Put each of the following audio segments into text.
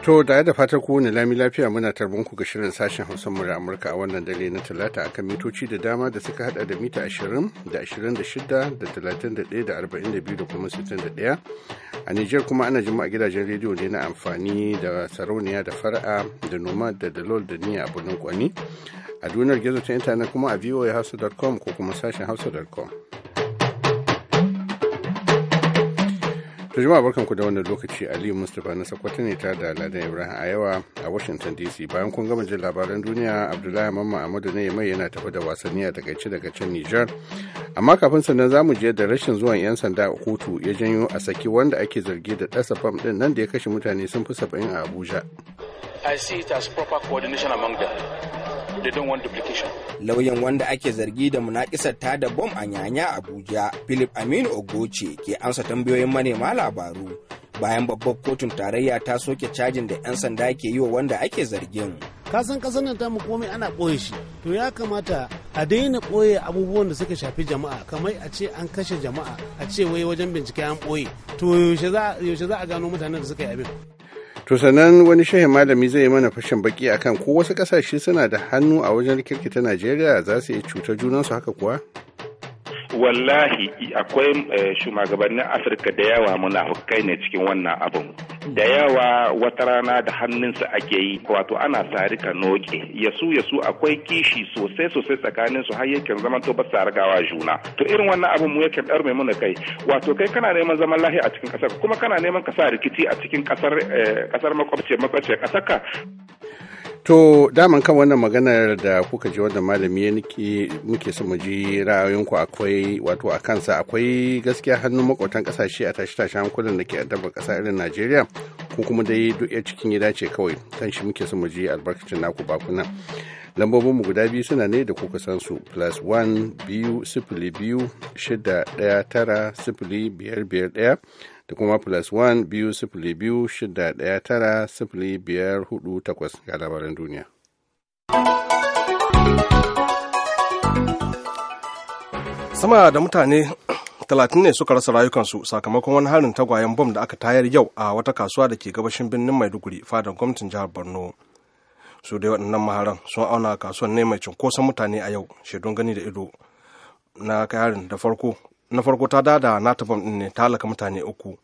To da da fatar ku ne lami lafiya muna tarbon ku ga shirin sashen Hausa mura Amurka a wannan dare na Talata akan mitoci da dama da suka hada da mita 20 da 26 da 31 da 42 da kuma 61. A Nijar kuma ana jima a gidajen rediyo ne na amfani da sarauniya da fara'a da noma da dalol da niyya a birnin kwani. A duniyar gizo ta intanet kuma a voahausa.com ko kuma sashen hausa.com. To jama'a barkanku da wannan lokaci Aliyu Mustapha na Sokoto ne ta da Ladan Ibrahim a yawa a Washington DC bayan kun gama jin labaran duniya Abdullahi Mamma Ahmadu ne mai yana tafi da wasanni a takaice daga can Nijar. Amma kafin sannan za mu je da rashin zuwan 'yan sanda a kotu ya janyo a saki wanda ake zargi da dasa fam din nan da ya kashe mutane sun fi saba'in a Abuja. I see it as proper coordination among them. they don't want duplication. Lauyan wanda ake zargi da munakisar ta da bom a nyanya Abuja, Philip Aminu Ogoce ke amsa tambayoyin manema labaru bayan babbar kotun tarayya ta soke cajin da 'yan sanda ke yi wa wanda ake zargin. kasan kasan nan ta tamu komai ana ɓoye shi to ya kamata a daina ɓoye abubuwan da suka shafi jama'a kamar a ce an kashe jama'a a ce wai wajen bincike an ɓoye to yaushe za a gano mutanen da suka yi abin to sanan wani shehe malami zai mana fashin baki akan ko wasu kasashe suna da hannu a wajen rikirkita najeriya za su iya cutar junansu haka kuwa wallahi akwai eh, shugabannin afirka da yawa muna hukai ne cikin wannan abin da yawa wata rana da hannunsa ake yi wato ana sari ka noke yasu yasu akwai kishi sosai sosai tsakanin su har yakin zaman to ba sargawa juna to irin wannan abin mu yakin dar mai muna kai wato kai kana neman zaman lahiya a cikin kasar kuma kana neman ka sa rikici a cikin kasar kasar eh, makwabce makwabce kasar To daman kan wannan maganar da kuka ji wannan malami ya muke so mu ji akwai wato a kansa akwai gaskiya hannun makwatan kasashe a tashi tashi hankulan da ke addabar kasa irin Najeriya ko kuma dai duk ya cikin gida ce kawai kan shi muke so mu ji albarkacin naku bakuna. Lambobin mu guda biyu suna ne da kuka san su plus one biyu sifili biyu shida ɗaya tara sifili biyar biyar ɗaya da kuma plus 1 biyu sifili biyu shida ɗaya tara sifili biyar hudu takwas ga labaran duniya. Sama da mutane talatin ne suka rasa rayukansu sakamakon wani harin tagwayen bom da aka tayar yau a wata kasuwa da ke gabashin birnin Maiduguri fadar gwamnatin jihar Borno. Su dai waɗannan maharan sun auna kasuwan ne mai cunkoson mutane a yau shaidun gani da ido na kayarin da farko na farko ta dada na bam ɗin ne ta halaka mutane uku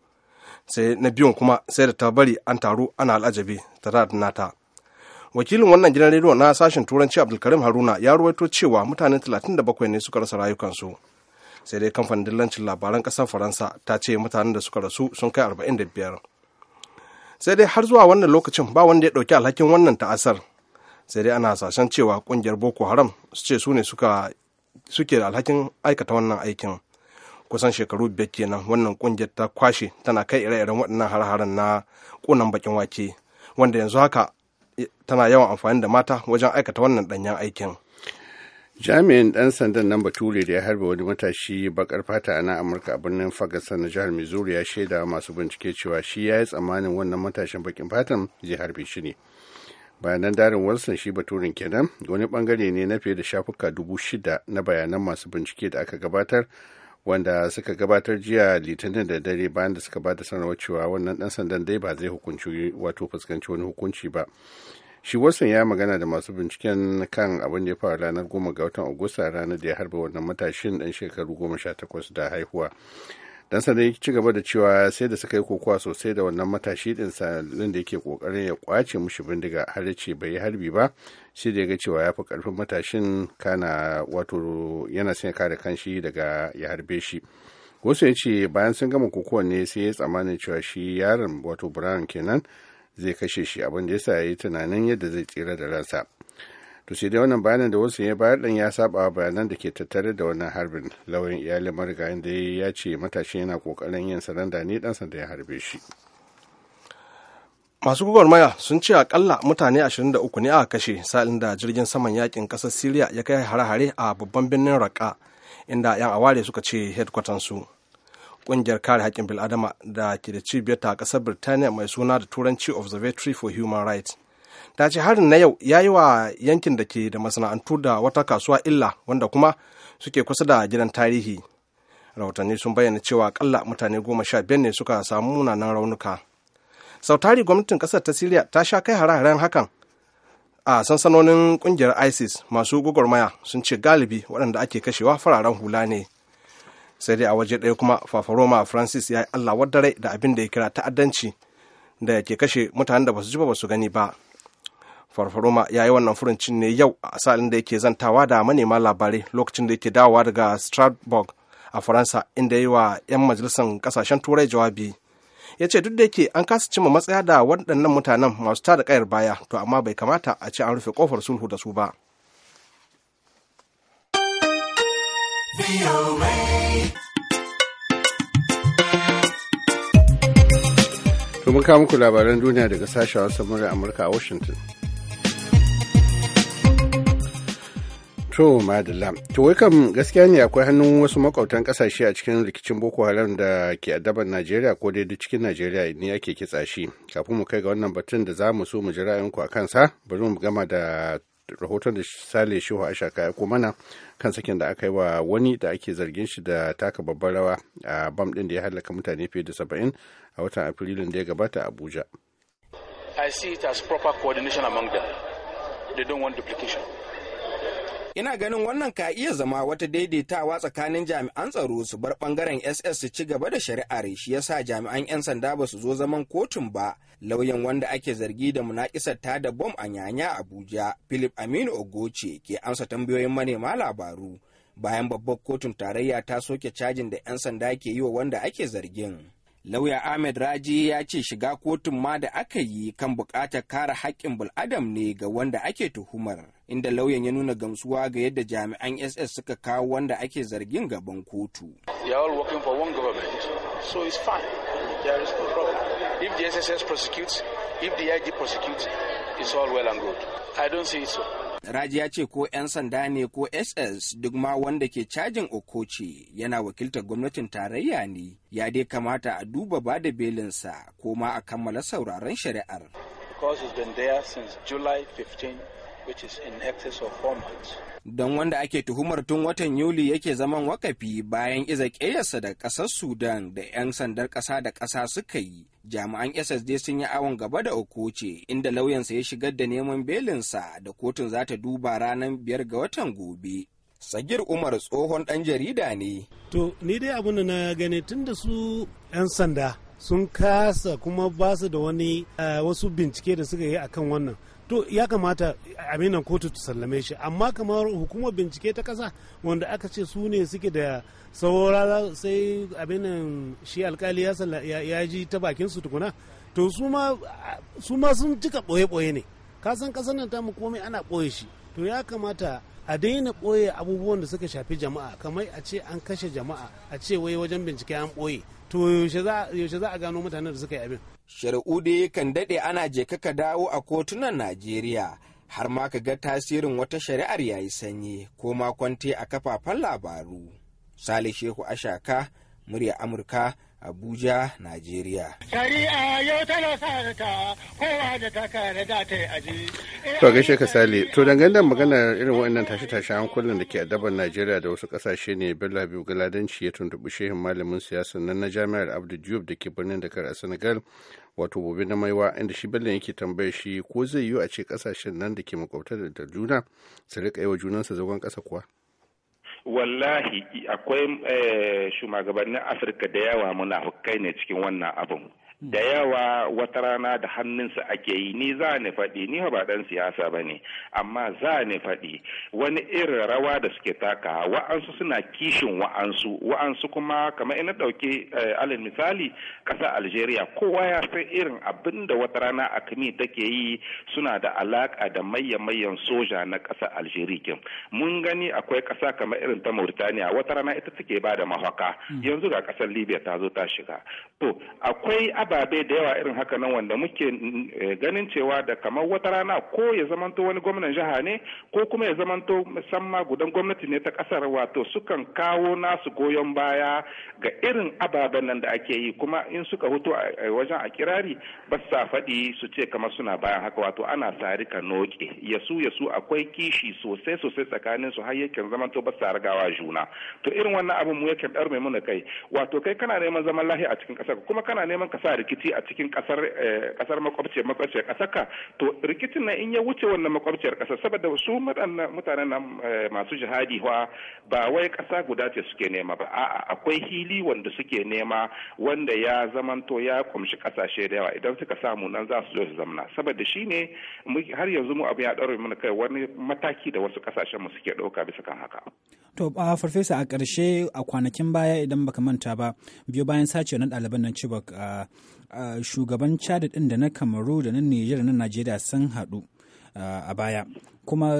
sai na biyun kuma sai da ta bari an taru ana al'ajabi ta dada nata wakilin wannan gidan rediyo na sashen turanci abdulkarim haruna ya ruwaito cewa mutane 37 ne suka rasa rayukansu sai dai kamfanin dillancin labaran kasar faransa ta ce mutanen da suka rasu sun kai 45 sai dai har zuwa wannan lokacin ba wanda ya ɗauki alhakin wannan ta'asar sai dai ana hasashen cewa ƙungiyar boko haram su ce su ne suke da alhakin aikata wannan aikin kusan shekaru biyar kenan wannan kungiyar ta kwashe tana kai ire-iren waɗannan har-haren na ƙunan bakin wake wanda yanzu haka tana yawan amfani da mata wajen aikata wannan ɗanyen aikin jami'in ɗan sandan nan bature da ya harbe wani matashi bakar fata a nan amurka a birnin fagasa na jihar missouri ya shaida masu bincike cewa shi ya yi tsammanin wannan matashin bakin fatan zai harbe shi ne bayanan darin wilson shi baturin kenan wani bangare ne na fiye da shafuka dubu shida na bayanan masu bincike da aka gabatar wanda suka gabatar jiya litinin da dare bayan da suka bada sanarwar cewa wannan dan sandan dai ba zai hukunci wato fuskanci wani hukunci ba shi wasan ya magana da masu binciken kan abin da ya faru ranar goma ga watan agusta ranar da ya harba wannan matashin dan shekaru goma sha takwas da haihuwa dan sanda ya ci gaba da cewa sai da suka yi kokowa sosai da wannan matashi din sanin da yake kokarin ya kwace mushi bindiga har ce bai yi harbi ba sai da ya ga cewa ya fi karfin matashin kana wato yana son kare kanshi daga ya harbe shi wasu ya ce bayan sun gama kokowa ne sai ya tsammanin cewa shi yaron wato brown kenan zai kashe shi abin da ya sa ya yi tunanin yadda zai tsira da ransa to sai dai wannan bayanan da wasu ya bayar dan ya saba bayanan da ke tattare da wannan harbin lauyan iyalin marigayin da ya ce matashi yana kokarin yin saranda ne dan da ya harbe shi masu gwagwarmaya sun ce akalla mutane 23 ne aka kashe sa'in da jirgin saman yakin kasar syria ya kai hare-hare a babban birnin raqqa inda 'yan aware suka ce su kungiyar kare haƙƙin bil'adama da ke da cibiyar ta ƙasar birtaniya mai suna da turanci observatory for human rights ta ce harin na yau ya yi wa yankin da ke da masana'antu da wata kasuwa illa wanda kuma suke kusa da gidan tarihi rahotanni sun bayyana cewa kalla mutane goma sha biyar ne suka samu munanan raunuka sautari gwamnatin kasar ta siriya ta sha kai hare-haren hakan a sansanonin kungiyar isis masu gwagwarmaya sun ce galibi waɗanda ake kashewa fararen hula ne sai dai a waje ɗaya kuma fafaroma francis ya yi allah wadda da abin da ya kira ta'addanci da ke kashe mutanen da ba su ji ba su gani ba farfaroma ya yi wannan furuncin ne yau a asalin da yake zantawa da manema labarai lokacin da yake dawowa daga strasbourg a faransa inda yi wa 'yan majalisar kasashen turai jawabi ya ce duk da yake an kasa cimma matsaya da waɗannan mutanen masu tada kayar baya to amma bai kamata a ce an rufe kofar sulhu da su ba To kawo muku labaran duniya daga sashen wasan murya Amurka a Washington. To madalla, to wai kam gaskiya ne akwai hannun wasu makwabtan kasashe a cikin rikicin Boko Haram da ke adabar Najeriya ko dai duk cikin Najeriya ne ake kitsa shi. Kafin mu kai ga wannan batun da za mu so mu jira yanku a kansa, bari mu gama da rahoton da Sale Shehu Ashaka ya mana kan sakin da aka yi wa wani da ake zargin shi da taka babbar rawa a bam din da ya halaka mutane fiye da saba'in a watan Afrilun da ya gabata Abuja. I see it as proper coordination among them. They don't want duplication. ina ganin wannan ka iya zama wata daidaitawa tsakanin jami'an tsaro su bar bangaren ss su ci gaba da shari'ar shi yasa jami'an 'yan sanda ba su zo zaman kotun ba lauyan wanda ake zargi da munakisar ta da bom a nyanya abuja philip aminu ogoce ke amsa tambayoyin manema labaru bayan babbar kotun tarayya ta soke cajin da 'yan sanda ke yi wa wanda ake zargin lauya ahmed raji ya ce shiga kotun ma da aka yi kan buƙatar kare haƙƙin bul'adam ne ga wanda ake tuhumar inda lauyan ya nuna gamsuwa ga yadda jami'an ss suka kawo wanda ake zargin gaban kotu well Raji ya ce ko 'yan sanda ne ko SS duk ma wanda ke cajin Okoce yana wakiltar gwamnatin tarayya ne ya dai kamata a duba ba da belinsa ko ma a kammala sauraron shari'ar. July 15, Don wanda ake tuhumar tun watan Yuli yake zaman wakafi bayan iza ƙeyarsa da ƙasar Sudan da 'yan sandar ƙasa da ƙasa suka yi. Jami'an SSD sun yi awon gaba da Okoce inda lauyansa ya shigar da neman belinsa da kotun za ta duba ranar biyar ga watan gobe. Sagir Umar tsohon ɗan jarida ne. To, ni dai abin da na gani tun da su 'yan sanda sun kasa kuma ba su da wani eh, wasu bincike da suka yi akan wannan. to ya kamata abin kotu ta sallame shi amma kamar hukumar bincike ta kasa wanda aka ce su ne suke da saurara sai abin shi alkali ya ji ta bakin su tukuna to su ma sun cika ɓoye-ɓoye ne kasan kasan nan tamu komai ana ɓoye shi to ya kamata a daina ɓoye abubuwan da suka shafi jama'a kamar a ce an kashe jama'a a ce wai wajen bincike an ɓoye to yaushe za a gano mutanen da suka yi abin shari'u dai kan daɗe ana je ka dawo a kotunan najeriya har ma ka ga tasirin wata shari'ar yayi sanyi ko ma kwante a kafafen labaru sale shehu ashaka murya amurka Abuja, Najeriya. Shari'a yau tana kowa To gaishe ka sale, to dangane da maganar irin wannan tashe-tashe hankulan da ke adabar Najeriya da wasu kasashe ne Bello Biyu Galadanci ya tuntuɓi shehin malamin siyasa nan na Jami'ar Abdul Diop da ke birnin Dakar a Senegal wato gobe na maiwa inda shi Bello yake tambayar shi ko zai yiwu a ce kasashen nan da ke makwabtar da juna su riƙa yi wa junansa zagon ƙasa kuwa. wallahi akwai eh, shugabannin afirka da yawa munafukai ne cikin wannan abun da yawa wata rana da hannunsa ake yi ni za ni faɗi ni ba ɗan siyasa ba ne amma za ni faɗi wani irin rawa da suke taka wa'ansu suna kishin wa'ansu wa'ansu kuma kamar ina ɗauki eh, alal misali ƙasa algeria kowa ya san irin abin da wata rana a kami take yi suna da alaƙa da mayyan soja na ƙasa algeria mun gani akwai ƙasa kamar irin ta mauritaniya wata rana ita take ba da mahaka hmm. yanzu ga ƙasar libya ta zo ta shiga to akwai ababe da yawa irin haka nan wanda muke eh, ganin cewa da kamar wata rana ko ya zamanto wani gwamnan jiha ne ko kuma ya zamanto musamman gudan gwamnati ne ta kasar wato sukan kawo nasu goyon baya ga irin ababen nan da ake yi kuma in suka hutu a wajen a kirari ba sa faɗi su ce kamar suna bayan haka wato ana tsari ka noke yasu yasu akwai kishi sosai sosai tsakanin su har yakin zamanto ba sa ragawa juna to irin wannan abin mu yakin ɗar mai muna kai wato kai kana neman zaman lahi a cikin ƙasar kuma kana neman ka sa rikici a cikin kasar eh, kasar makwabciyar makwabciyar kasar to rikicin na in ya wuce wannan makwabciyar kasar saboda su mutanen nan eh, masu jihadi wa ba wai kasa guda ce suke nema ba a'a akwai hili wanda suke nema wanda ya zamanto ya kumshi kasashe da yawa idan suka samu nan za su zo su zamna saboda shine har yanzu mu abu ya daure mana kai wani mataki da wasu kasashen mu suke ɗauka bisa kan haka To, a farfesa a ƙarshe a kwanakin baya idan baka manta ba, biyo bayan sace na ɗaliban nan Chibok ah, shugaban chad din da na kamaru da na niger na najeriya sun haɗu a baya kuma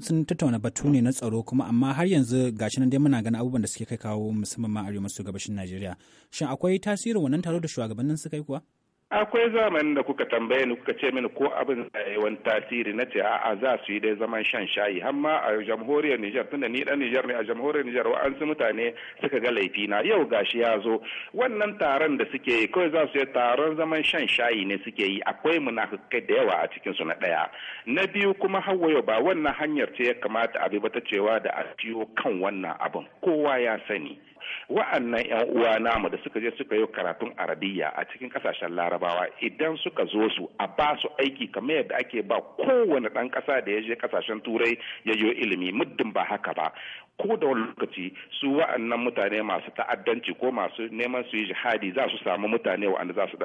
sun tattauna batu ne na tsaro kuma amma har yanzu gashi nan dai muna ganin abubuwan da suke kai kawo musamman ma arewa maso gabashin najeriya shin akwai tasirin wannan taro da shugabannin suka yi kuwa akwai zamanin da kuka tambaye ni kuka ce mini ko abin zaiwan tasiri na ce a'a za su yi dai zaman shan shayi amma a jamhuriyar Nijar tunda ni dan Nijar ne a jamhuriyar Nijar su mutane suka ga laifi na yau gashi ya zo wannan taron da suke yi kawai za su yi taron zaman shan shayi ne suke yi akwai munafukai da yawa a cikin su na daya na biyu kuma hawayo ba wannan hanyar ce ya kamata a bi ba ta cewa da a kan wannan abin kowa ya sani wa'annan yan uwa namu da suka je suka yi karatun arabiya a cikin kasashen larabawa idan suka zo su a ba su aiki kamar yadda ake ba kowane ɗan ƙasa da ya je kasashen turai ya yi ilimi muddin ba haka ba ko da wani lokaci su wa'annan mutane masu ta'addanci ko masu neman su yi jihadi za su samu mutane wa'anda za su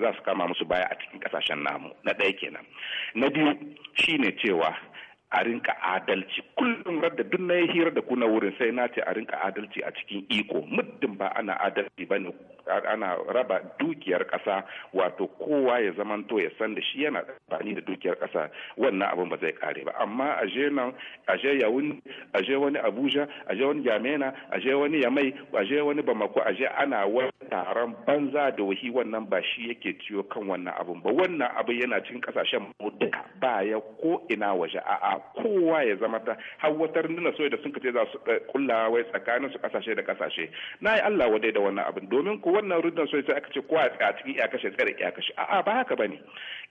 za su kama musu baya a cikin kasashen namu na ɗaya kenan na biyu shine cewa a rinka adalci kullum da duk na hira da ku na wurin sai na ce a rinka adalci a cikin iko muddin ba ana adalci ba ne ana raba dukiyar ƙasa wato kowa ya zamanto ya san da shi yana amfani da dukiyar ƙasa wannan abin ba zai kare ba amma aje nan aje yawun aje wani abuja aje wani yamena aje wani yamai aje wani bamako aje ana wani taron banza da wahi wannan ba shi yake ciyo kan wannan abin ba wannan abin yana cikin kasashen duka ba ya ko ina waje a'a kowa ya zama ta hawatar nuna soyayya da sun kace za su eh, kulla wai tsakanin su kasashe da kasashe na yi Allah wadai da wannan abin domin ko wannan rundunar sai aka ce kowa a cikin ya kashe tsare ya kashe a'a ba haka bane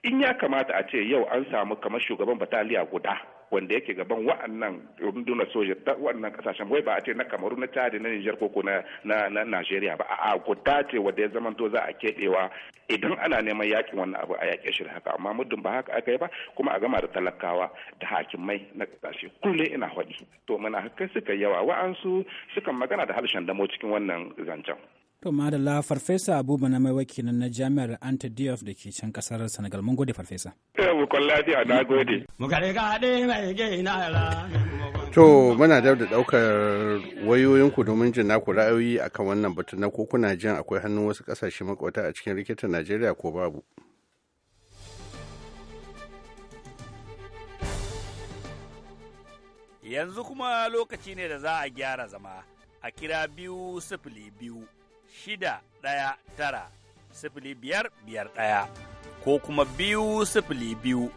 in ya kamata a ce yau an samu kamar shugaban bataliya guda wanda yake gaban wa'annan runduna soja ta wa'annan kasashen bai ba a ce na kamaru na chad na niger ko na na na nigeria ba a'a guda ce wanda ya zamanto za a keɓewa idan ana neman yakin wannan abu a yake shi haka amma muddin ba haka aka yi ba kuma a gama da talakawa da hakimai na kasashe kullum ina faɗi to muna kai suka yawa wa'ansu sukan magana da harshen damo cikin wannan zancen To madalla farfesa Abuba na mai na jami'ar Anta da ke can kasar Senegal mun gode farfesa. mu na To muna da da wayoyin ku domin jin naku ra'ayoyi akan wannan batun na ko kuna jin akwai hannun wasu kasashe makwata a cikin rikitar Najeriya ko babu. Yanzu kuma lokaci ne da za a gyara zama a kira biyu sifili biyu shida ɗaya tara sifili biyar biyar ɗaya ko kuma biyu sifili biyu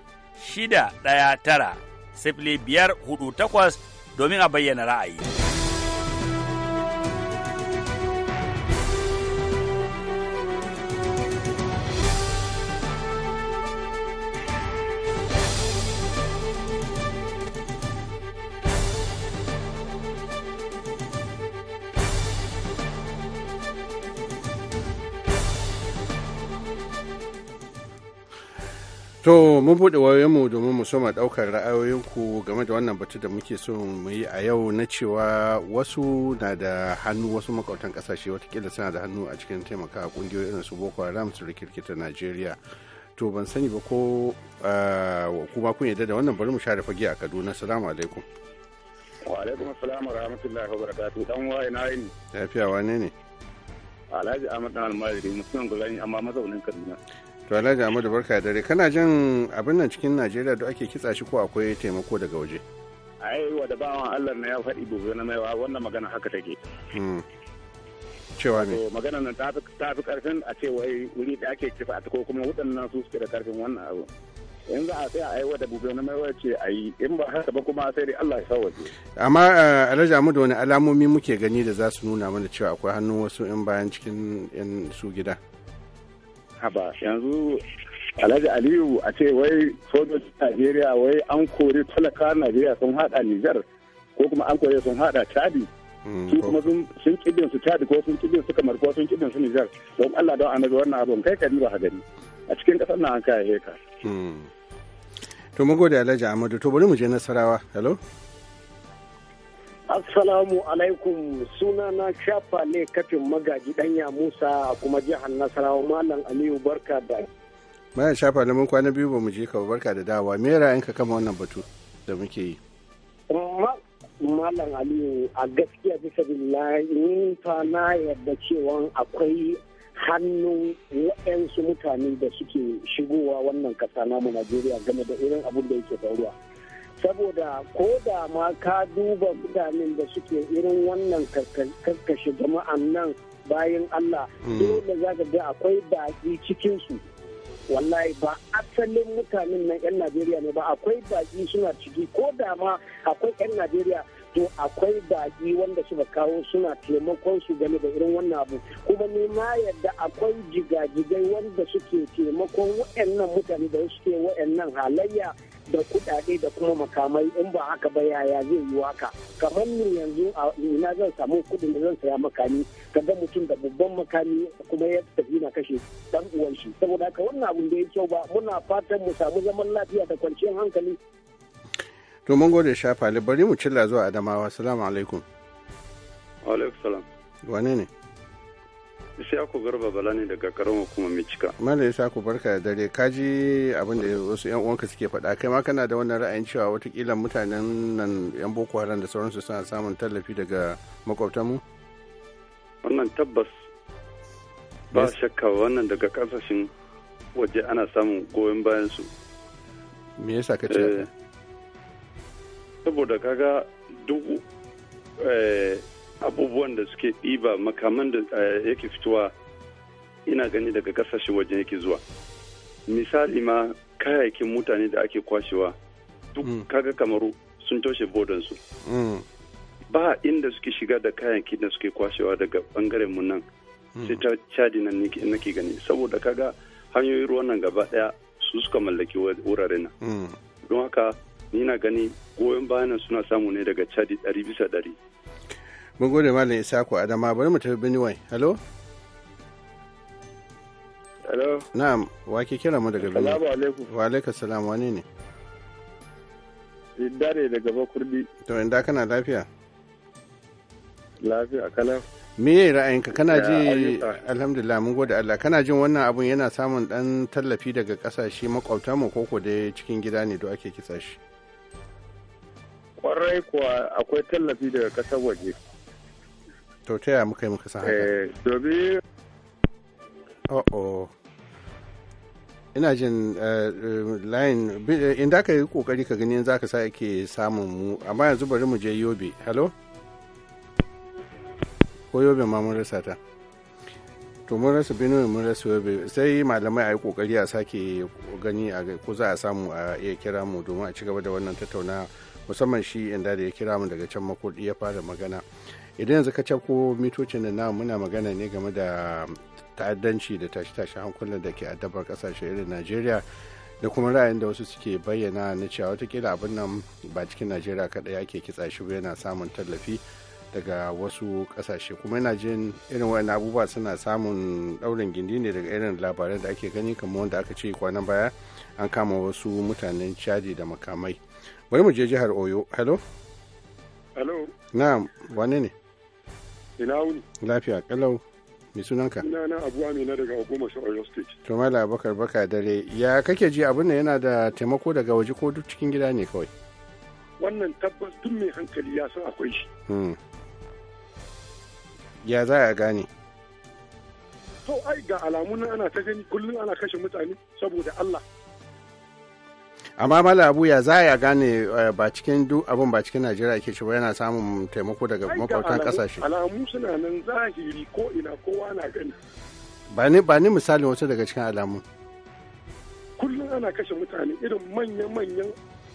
shida ɗaya tara sifili biyar hudu takwas domin a bayyana ra'ayi. To mun buɗe wayoyinmu domin mu soma ɗaukar ra'ayoyinku game da wannan batu da muke so mu yi a yau na cewa wasu na da hannu wasu makautan ƙasashe watakila suna da hannu a cikin taimaka ƙungiyoyi irin su Boko Haram su rikirkita Najeriya. To ban sani ba ko ah, kuma kun yarda da wannan bari mu share fage a Kaduna. Salamu alaikum. Wa alaikum assalam wa rahmatullahi wa barakatuh. Dan waye na ne. Lafiya wane ne? Alhaji Ahmad Dan Almajiri musulman gulani amma mazaunin Kaduna. to alhaji amadu barka dare kana jin abin nan cikin najeriya da ake kitsa shi ko akwai taimako daga waje ai wa da bawan allah na ya faɗi gobe na maiwa wannan magana haka take hmm. cewa ne magana nan ta fi karfin a ce wai wuri da ake kifa ko kuma waɗannan su suke da karfin wannan abu in za a sai a da bube na mai wace a yi in ba haka ba kuma sai dai Allah ya waje. amma eh, alhaji Amadu wani alamomi muke gani da za su nuna mana cewa akwai hannun wasu in bayan cikin yan su gida ba yanzu alhaji aliyu a ce wai sojoji najeriya wai an kori talaka najeriya sun hada nijar ko kuma an kori sun hada chadi mm, su kuma sun kidin su chadi ko sun kidin su kamar ko sun kidin su nijar don allah don annabi wannan abun kai ka ba gani a cikin kasar na an kaya heka mm. to mu gode alhaji amadu to bari mu je nasarawa hello Assalamu alaikum na shafa ne kafin magaji danya Musa a kuma jihar Nasarawa Malam Aliyu barka da. Malam shafa ne mun kwana biyu ba mu je ka barka da dawa me ra'ayinka kama wannan batu da muke yi. Malam Aliyu a gaskiya bisa billahi ni fa na yadda cewa akwai hannun waɗansu mutane da suke shigowa wannan kasa namu Najeriya game da irin abin da yake faruwa. saboda ko da ma ka duba mutanen da suke irin wannan karkashe jama'an nan bayan Allah hmm. dole za ka ga akwai baki cikinsu wallahi ba asalin mutanen nan 'yan Najeriya ne ba akwai baki suna ciki ko da ma akwai 'yan Najeriya to akwai baki wanda suka kawo suna taimakon su game da irin wannan abu kuma ni ma yadda akwai jigajigai wanda suke taimakon wa'annan mutane da suke wa'annan halayya da kuɗaɗe da kuma makamai in ba haka ba yaya zai yi waka kamar ni yanzu a ina zan samu kuɗin da zan saya makami ka ga mutum da babban makami kuma ya tafi na kashe dan uwan shi saboda haka wannan abun da ya kyau ba muna fatan mu samu zaman lafiya da kwanciyar hankali to mun gode shafa bari mu cilla zuwa adamawa assalamu alaikum alaikum salam wane ne Ishaku Garba Bala ne daga karamar hukumar Micika. Malam Ishaku barka da dare kaji abin da wasu yan uwanka suke faɗa kai ma kana da wannan ra'ayin cewa watakila mutanen nan yan Boko Haram da sauransu suna samun tallafi daga makwabtanmu? Wannan tabbas ba shakka wannan daga kasashen waje ana samun goyon bayan su. Me yasa ka ce? Eh, saboda kaga duk eh, abubuwan da suke ɗiba makaman da eh, yake fitowa ina gani daga kasashe waje yake zuwa misali ma kayayyakin mutane da ake kwashewa duk mm. kaga kamaru sun toshe bodansu mm. ba inda suke shiga da kayayyakin da suke kwashewa daga bangaren mu nan mm. sai ta cadi nan nake gani saboda kaga hanyoyin ruwan nan gaba daya su suka mallaki wurare nan don haka ni na gani goyon bayan suna samu ne daga cadi ɗari bisa ɗari mun gode malam isaku adama bari mu tafi benue hello hello na'am wa ke kira mu daga benue assalamu alaikum wa alaikum salam wani ne dare daga bakurbi to inda kana lafiya lafiya kana me ra'ayinka kana ji alhamdulillah mun gode Allah kana jin wannan abun yana samun dan tallafi daga kasashe makwabta mu koko da cikin gida ne do ake kitsa shi kwarai kuwa akwai tallafi daga kasar waje to ta yaya muka yi muka sa haka Oh oh. ina jin eh, layin eh, inda ka yi kokari ka gani za ka sa ake samun mu amma yanzu bari mu je yobe hello ko yobe ma mun rasa ta to mun rasa benue mun rasa yobe sai malamai a yi kokari a sake gani ko za a samu a iya kira mu domin a ci gaba da wannan tattaunawa musamman shi inda da ya kira mu daga can makudi ya fara magana idan yanzu ka cako mitocin da na muna magana ne game da ta'addanci da tashe-tashen hankulan da ke addabar kasashe irin najeriya da kuma ra'ayin da wasu suke bayyana na cewa watakila abin nan ba cikin najeriya kaɗai ake kitsa shi yana samun tallafi daga wasu kasashe kuma yana jin irin wani abubuwa suna samun daurin gindi ne daga irin labaran da ake gani kamar wanda aka ce kwanan baya an kama wasu mutanen chadi da makamai bari mu je jihar oyo hello hello na wane ne Ina wuni. Lafiya kalau. Me sunanka? na Abu Amina daga Ogoma Oyo State. To Mala Abubakar Baka dare. Ya kake ji abin da yana da taimako daga waje ko duk cikin gida ne kawai? Wannan tabbas duk mai hankali ya san akwai shi. Hmm. Ya za a gane? To ai ga alamun ana ta gani kullum ana kashe mutane saboda Allah. amma mala abu ya za ya gane eh, ba cikin duk abin ba cikin najeriya ke shi ba yana samun taimako daga makwautan kasashe alamu suna nan zahiri ko ina kowa na gani ba ni misalin wasu daga cikin alamu kullum ana kashe mutane irin manya-manyan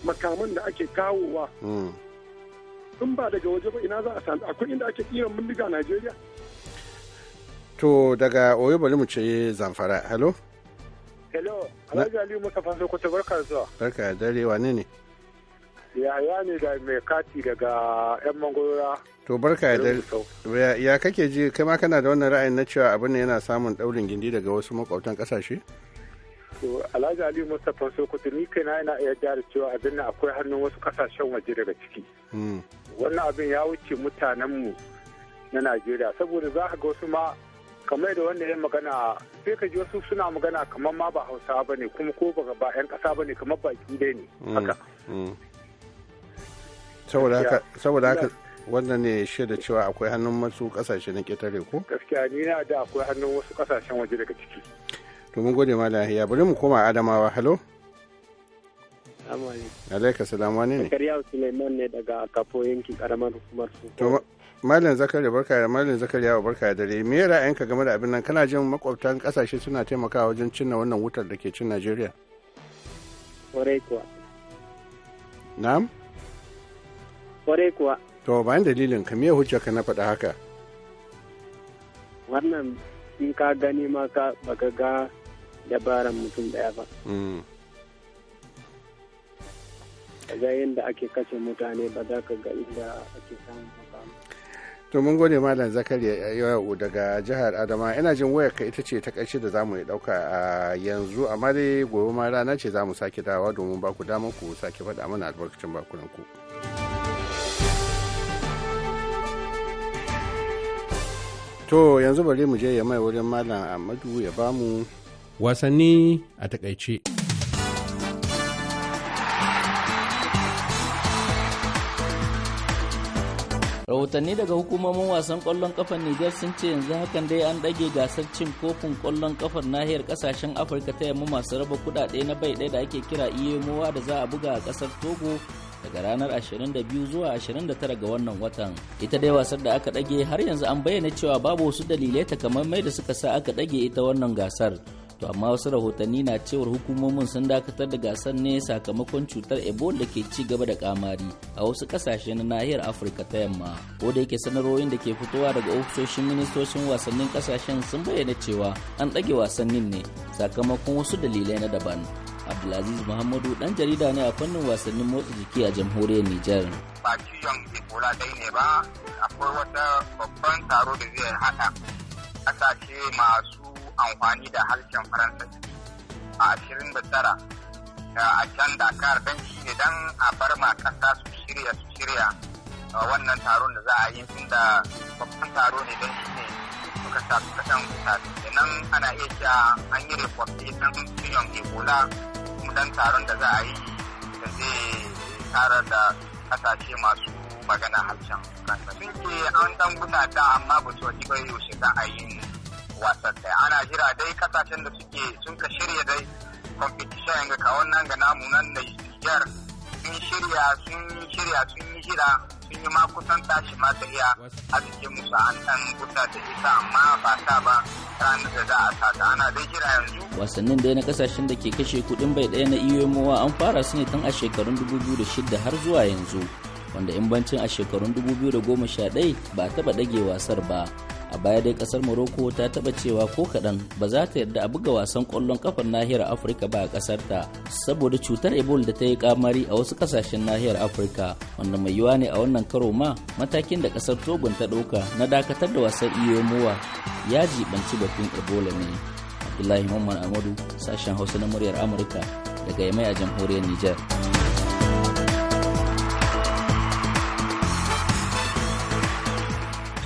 makaman da ake kawowa hmm. in ba daga waje ba ina za a sami akwai inda ake kiran bindiga najeriya to daga oyo bari mu ce zamfara hello Hello, Alhaji Aliyu Mustapha Sokoto barka zuwa. Barka da dare wane ne? ya ya ne da mai kati daga 'yan mangorora. To barka da ya kake ji kai ma kana da wannan ra'ayin na cewa abin ne yana samun daurin gindi daga wasu makwabtan kasashe? To Alhaji Aliyu Mustapha Sokoto ni kai na yana iya jari cewa abin nan akwai hannun wasu kasashen waje daga ciki. Hmm. Wannan abin ya wuce mutanen mu na Najeriya saboda za ka ga wasu ma kamar da wanda ya magana sai ka ji wasu suna magana kamar ma ba hausa ba ne kuma ko ba ba 'yan kasa ba ne kamar ba dai ne mm, haka mm. saboda haka wannan ne da cewa akwai hannun wasu kasashe na ƙetare ko gaskiya ni na da akwai hannun wasu kasashen waje daga ciki to mun gode malam ya bari mu koma adamawa halo Assalamu wani ne? Zakariya Suleiman ne daga kafo yankin karamar hukumar su. Malam Zakari barka da Malam Zakari yawa barka da dare. Me ra'ayinka game da abin nan kana jin makwabtan kasashe suna taimakawa wajen cinna wannan wutar da ke cin Najeriya? Kwarai kuwa. Na'am? Kwarai kuwa. To bayan dalilin ka me hujja ka na faɗa haka? Wannan in ka gani ma ka baka ga dabaran mutum ɗaya ba. Mm. Ga yadda ake kashe mutane ba za ka ga inda ake samu. to mun gode malam zakariya yau daga jihar adama ina jin wayar ka ita ce ta ƙarshe da zamu yi ɗauka a yanzu amma dai gobe ma rana ce zamu sake dawa domin ba ku damar ku sake faɗa mana albarkacin bakunan ku. to yanzu bari mu je ya mai wurin malam amadu ya bamu wasanni a takaice. rahotanni daga hukumomin wasan kwallon kafar niger sun ce yanzu hakan dai an dage gasar cin kofin kwallon kafar nahiyar kasashen afirka ta yamma masu raba kudade na bai ɗaya da ake kira iyemowa da za a buga a ƙasar togo daga ranar 22 zuwa 29 ga wannan watan ita dai wasar da aka ɗage har yanzu an bayyana cewa babu wasu dalilai takamaimai da suka sa aka ɗage ita wannan gasar to amma wasu rahotanni na cewar hukumomin sun dakatar da gasar ne sakamakon cutar ebola da ke ci gaba da kamari a wasu kasashe na nahiyar afirka ta yamma ko da yake sanarwoyin da ke fitowa daga ofisoshin ministocin wasannin kasashen sun bayyana cewa an ɗage wasannin ne sakamakon wasu dalilai na daban abdulaziz muhammadu dan jarida ne a fannin wasannin motsa jiki a jamhuriyar niger ba ciyon ebola dai ne ba akwai wata babban taro da zai haɗa ƙasashe masu amfani da harshen faransanci a ashirin da tara a can dakar don shi ne don a bar ma kasa su shirya su shirya wannan taron da za a yi inda babban taro ne don shi ne suka sa suka san nan ana iya cewa an yi rikwafi don ciwon ebola kuma don taron da za a yi da zai tara da kasashe masu magana harshen faransanci sun ce an dan da amma ba su bai yaushe za a yi wasan ɗaya ana jira dai kasashen da suke sun ka shirya dai competition ga kawon nan ga namu nan da jihar sun shirya sun shirya sun yi jira sun yi ma kusan tashi ma ta iya a cikin musu an san guda da isa amma ba ta ba ranar da za a ana dai jira yanzu. wasannin dai na kasashen da ke kashe kuɗin bai daya na iyomowa e an fara su ne tun a shekarun 2006 har zuwa yanzu wanda in bancin a shekarun 2011 ba taba ɗage wasar ba a baya dai kasar morocco ta taba cewa ko kaɗan ba za ta yarda a buga wasan ƙwallon kafar nahiyar afirka ba a ƙasar ta saboda cutar ebola da ta yi kamari a wasu ƙasashen nahiyar afirka wanda mai yiwa ne a wannan karo ma matakin da ƙasar togon ta ɗauka na dakatar da wasan iyomowa ya jibanci batun ebola ne abdullahi muhammad amadu sashen hausa na muryar amurka daga yamai a jamhuriyar niger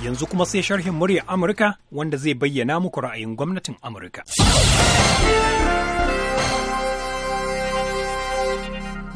Yanzu kuma sai sharhin murya Amurka wanda zai bayyana muku ra'ayin gwamnatin Amurka.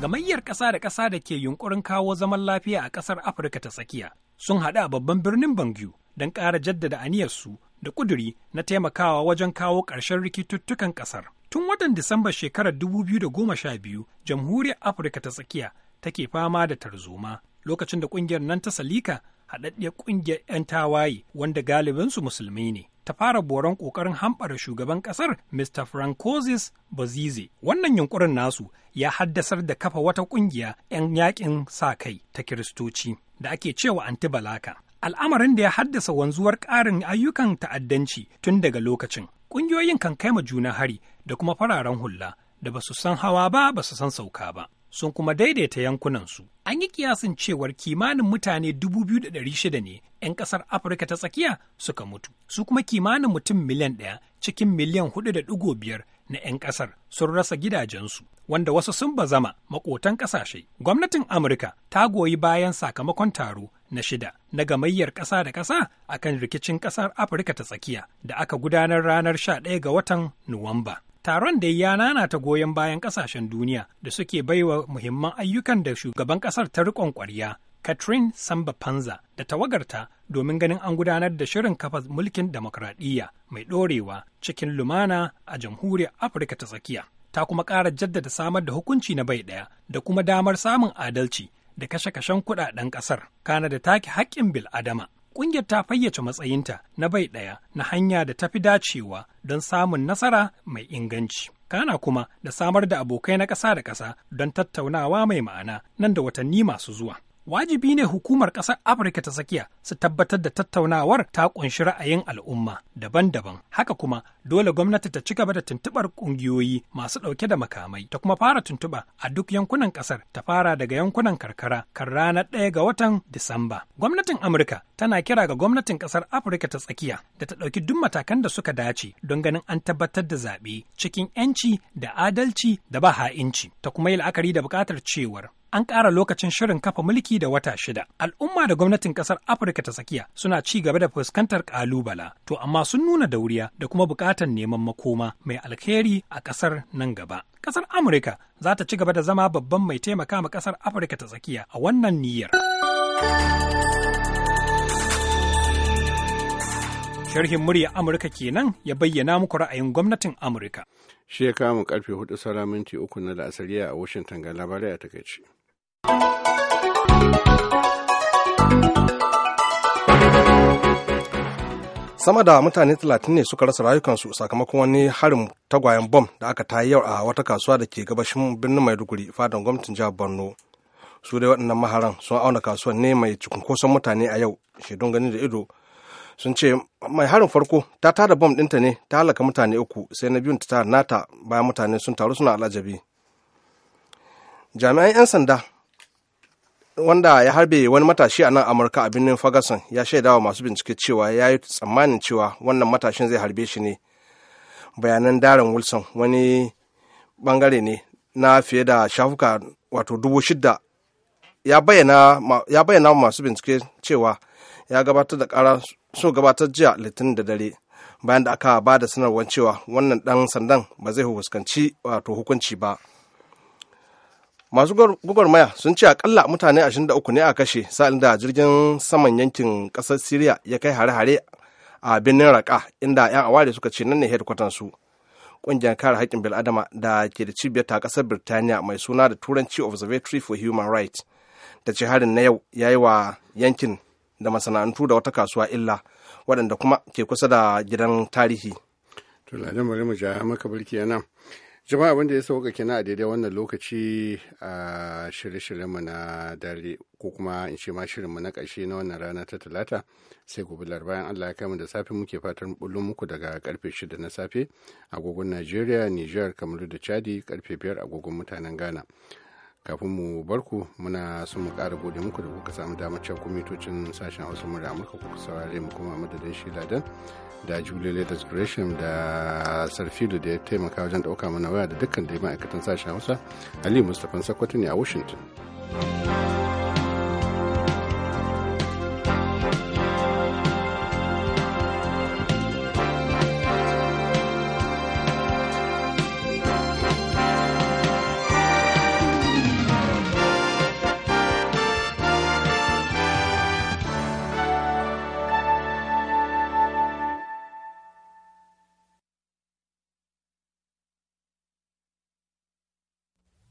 Gamayyar ƙasa da ƙasa da ke yunkurin kawo zaman lafiya a ƙasar Afirka ta tsakiya sun haɗu a babban birnin Bangu don ƙara jaddada aniyarsu da ƙuduri na taimakawa wajen kawo ƙarshen rikituttukan ƙasar. Tun watan Disambar shekarar 2012, Jamhuriyar Afirka ta tsakiya take fama da tarzoma lokacin da ƙungiyar nan ta Salika haɗaɗɗiyar ƙungiyar 'yan tawaye wanda galibinsu musulmi ne. ta fara boron ƙoƙarin hamɓara shugaban ƙasar Mr. Francois bazize Wannan yunkurin nasu ya haddasar da kafa wata ƙungiya 'yan yaƙin sa kai ta Kiristoci da ake cewa antibalaka. Al'amarin da ya haddasa wanzuwar ƙarin ayyukan ta'addanci tun daga lokacin. Ƙungiyoyin kan kai ma juna hari da kuma fararen hula, da ba su san hawa ba ba su san sauka ba. sun kuma daidaita yankunansu. An yi kiyasin cewar kimanin mutane 2,600 ne 'yan ƙasar Afirka ta tsakiya suka mutu, su kuma kimanin mutum miliyan ɗaya cikin miliyan 4.5 na 'yan ƙasar sun rasa gidajensu, wanda wasu sun ba zama maƙotan ƙasashe. Gwamnatin Amurka ta goyi bayan sakamakon taro na shida na gamayyar ƙasa da ƙasa a kan rikicin ƙasar Afirka ta tsakiya da aka gudanar ranar sha ɗaya ga watan Nuwamba. Taron da ya nanata goyon bayan kasashen duniya da suke baiwa muhimman ayyukan da shugaban ƙasar ta riƙon ƙwarya, Catherine Samba Panza da tawagarta domin ganin an gudanar da shirin kafa mulkin demokradiyya mai ɗorewa cikin lumana a jamhuriyar Afirka ta tsakiya. Ta kuma ƙara jaddada samar da hukunci na bai ɗaya da kuma damar samun adalci da kashe-kashen kuɗaɗen ƙasar, kana da take haƙƙin bil'adama. ƙungiyar ta fayyace matsayinta na bai ɗaya na hanya da ta fi dacewa don samun nasara mai inganci. Kana kuma da samar da abokai na ƙasa da ƙasa don tattaunawa mai ma'ana nan da watanni masu zuwa. wajibi ne hukumar ƙasar Afirka ta tsakiya su tabbatar da tattaunawar ta ƙunshi ra'ayin al'umma daban-daban. Haka kuma dole gwamnati ta ci gaba da tuntuɓar ƙungiyoyi masu ɗauke da makamai ta kuma fara tuntuɓa a duk yankunan ƙasar ta fara daga yankunan karkara kan ranar ɗaya ga watan Disamba. Gwamnatin Amurka tana kira ga gwamnatin ƙasar Afirka ta tsakiya da ta ɗauki duk matakan da suka dace don ganin an tabbatar da zaɓe cikin 'yanci da adalci da ba ha'inci ta kuma yi la'akari da buƙatar cewar an ƙara lokacin shirin kafa mulki da wata shida. Al'umma da gwamnatin ƙasar Afirka ta tsakiya suna ci gaba da fuskantar ƙalubala, to amma sun nuna dauriya da kuma buƙatar buƙatar neman makoma mai alkhairi a ƙasar nan gaba. Ƙasar Amurka za ta ci gaba da zama babban mai taimaka ma ƙasar Afirka ta tsakiya a wannan niyyar. Sharhin murya Amurka kenan ya bayyana muku ra'ayin gwamnatin Amurka. Shi ya kama karfe hudu sara minti uku na da asariya a Washington ga labarai a takaici. sama da mutane 30 ne suka rasa rayukansu sakamakon wani harin tagwayen bom da aka tayi yau a wata kasuwa da ke gabashin birnin maiduguri fadan gwamnatin jihar borno su dai waɗannan maharan sun auna kasuwar ne mai cikin mutane a yau shaidun gani da ido sun ce mai harin farko ta tada bom ɗinta ne ta halaka mutane uku sai na biyun ta tara nata bayan mutane sun taru suna alajabi jami'an 'yan sanda wanda ya harbe wani matashi a nan amurka a birnin ferguson ya shaidawa masu bincike cewa ya yi tsammanin cewa wannan matashin zai harbe shi ne bayanan daren wilson wani bangare ne na fiye da shafuka wato dubu shida ya bayyana masu bincike cewa ya gabatar da kara so gabatar jiya litinin da dare bayan da aka ba da sanarwar cewa wannan dan sandan ba zai fuskanci wato hukunci ba masu gwagwarmaya sun ce akalla mutane 23 ne a kashe sa'in da jirgin saman yankin kasar syria ya kai hare-hare a birnin raka inda 'yan aware suka ce nan ne headquarters su kungiyar kare haƙƙin bil'adama da ke da cibiyar ta ƙasar birtaniya mai suna da turanci observatory for human rights da ce harin na yau ya yi wa yankin da masana'antu da wata kasuwa illa waɗanda kuma ke kusa da gidan tarihi. Tuladen bari mu ja maka birki nan. jama'a wanda ya sauka kina a daidai wannan lokaci a shirye-shiryenmu na dare ko kuma in ce ma shirinmu na ƙarshe na wannan rana ta talata sai gobe bayan allah ya kama da safe muke fatan bullo muku daga karfe 6 na safe agogon najeriya niger kamaru da chadi karfe 5 agogon mutanen ghana kafin mu barku muna son mu ƙara gode muku da kuka samu damar can kwamitocin sashen hausa mura amurka kuka saurare mu kuma madadin shi ladan da julie latest gresham da sarfilu da ya taimaka wajen ɗauka mana waya da dukkan da ma'aikatan sashen hausa ali mustapha sakwato ne a washington